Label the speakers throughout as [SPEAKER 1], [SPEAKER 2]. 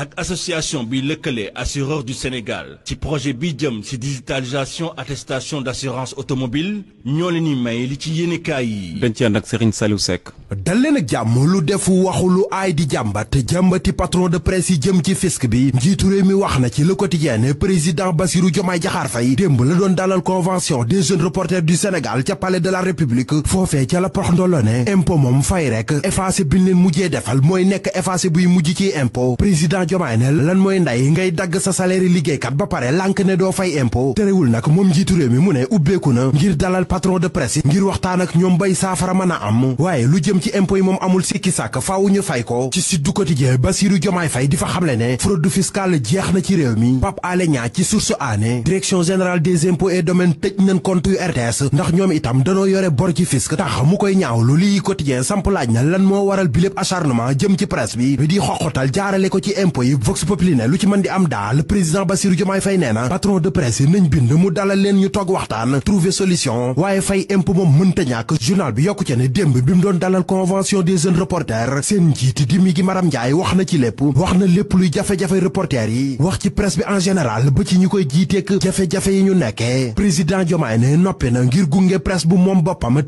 [SPEAKER 1] ak association bi les assureur du Sénégal ci projet bi jëm ci digitalisation attestation d'assurance automobile ñoo leen ni may li ci y yi. dañ ci and ak Serigne Saliou Seck. dal leen ak jamm lu def waxu lu ay di jàmbat jàmbati patron de presse yi jëm ci fisc bi njiitu réew mi wax na ci le quotidien président Bassirou Diomaye Diakhar Faye demb la doon dalal convention des jeunes reporters du Sénégal ci palais de la République fofé ci la porox ndolo ne impôt fay rek effacer bin ñu leen mujjee defal moy nek effacer buy mujj ci impôt président jomaay ne lan mooy nday ngay dagg sa salaire liggéeykat ba pare lànk ne doo fay impôt terewul nag moom njiitu réew mi mu ne ubbeeku na ngir dalal patron de presse yi ngir waxtaan ak ñoom bay saafara mën a am waaye lu jëm ci impôt yi moom amul sikki sàkk faaw fay ko ci Sud Quotidien Bassirou Diomaye Faye di fa xamle ne fraude fiscale jeex na ci réew mi Pape Alé Niang ci source aané direction générale des impôts et domaines tëj nañ compte yu RTS ndax ñoom danoo yore bor ci mu koy ñaawlu lii Quotidien samp laaj na lan moo waral bi lépp acharnement jëm ci presse bi impôts yi vox populi ne lu ci mën di am daa président Bassirou Diomaye Faye nee na patron de presse yi nañ bind mu dalal leen ñu toog waxtaan trouver solution waaye fay impôt moom mënta ñàkk journal bi yokku ca ne démb bi mu doon dalal convention des jeunes reporters seen njiiti di mi gi Maram Ndiaye wax na ci lépp wax na lépp luy jafe-jafe reporters yi wax ci presse bi en général ba ci ñi koy jiiteek jafe-jafe yi ñu nekkee président Diomaye ne noppi na ngir gunge presse bu moom boppam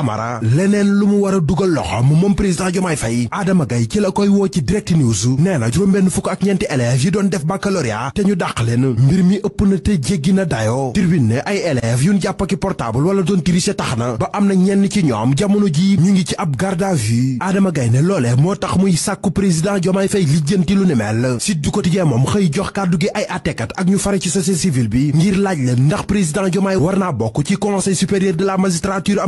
[SPEAKER 1] Camara leneen lu mu war a dugal loxom moom président Diomaye Faye Adama Gaye ci la koy woo ci direct news nee na juróom-benn fukk ak ñeenti élèves yi doon def baccalauréat te ñu dàq leen mbir mi ëpp na te jéggi na dayoo tribune ne ay élèves yuñ jàpp ak portable doon tricher tax na ba am na ñenn ci ñoom jamono ji ñu ngi ci ab garde à vue Adama Gaye ne loolee moo tax muy sàkku président Diomaye Faye lijjanti lu ni mel Sud du Quotidien moom xëy jox kàddu gi ay àttekat ak ñu fare ci société civile bi ngir laaj leen ndax président Diomaye war la magistrature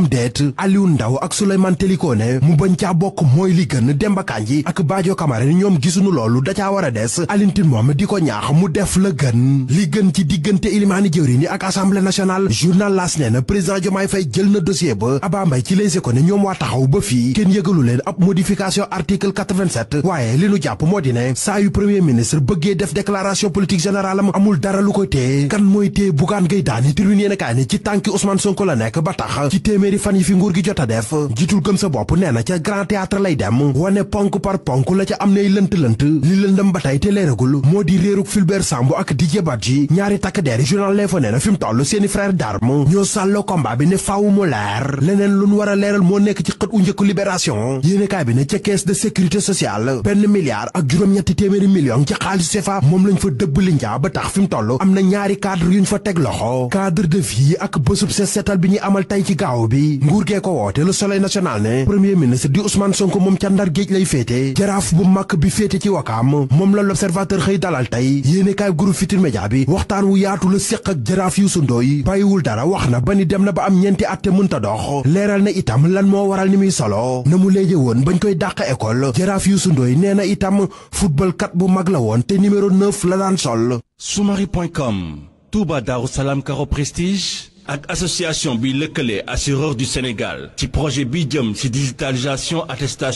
[SPEAKER 1] aliou ndaw ak souleyman Teliko ne mu bañ ca bok moy li gën Demba Kandji ak Badio Camara ñom gisunu gisuñu da ca wara dess alintine mom diko ñaax mu def le gën li gën ci diggante ilimani jëwri ni ak assemblée nationale journal L'As président fay jël na dossier ba aba mbay ci Les ne ñom wa taxaw ba fi ken len ap modification article 87 waaye li nu japp moo yu premier ministre bëggé def déclaration politique générale amul dara lu koy té kan moy té bugaan gay daani tribune yéen a ci tanki Ousmane Sonko la nek ba tax ci téméri fan yi fi nguur a def jiitul gëm sa bopp nee na ca grand théâtre lay dem wane ponk par ponk la ca am nay lënt-lënt li lëndëm ba tey te leeragul moo di réeruk Fulbert Sambou ak Didier Badji ñaari takk deeri journal L'Info nee na fi mu seeni frère d'arme ñoo sàlloo combat bi ne faaw leer leneen lu war a leeral moo nekk ci xët u njëkk libération yéenekaay bi ne ca de sécurité sociale benn milliard ak juróom-ñetti téeméeri million ci xaalis CFA moom lañ fa dëbb li ko woote le soleil national ne premier ministre di Ousmane Sonko moom ca ndar géej lay féete jaraaf bu mag bi féete ci wakaam moom la l'observateur xëy dalal tey yéenekaay groupe Futurs Médias bi waxtaan wu yaatu la séq ak jaraaf Youssou Ndoye bàyyiwul dara wax na ba ni dem na ba am ñeenti at te mënta dox leeral na itam lan moo waral ni muy solo na mu léeje woon bañ koy dàq école jaraaf Youssou Ndoye nee na itam football kat bu mag la woon te numéro 9 la daan sol sumari.com Touba Darou Salam Caro Prestige association bi assureur du Sénégal Ce projet bi jëm digitalisation attestation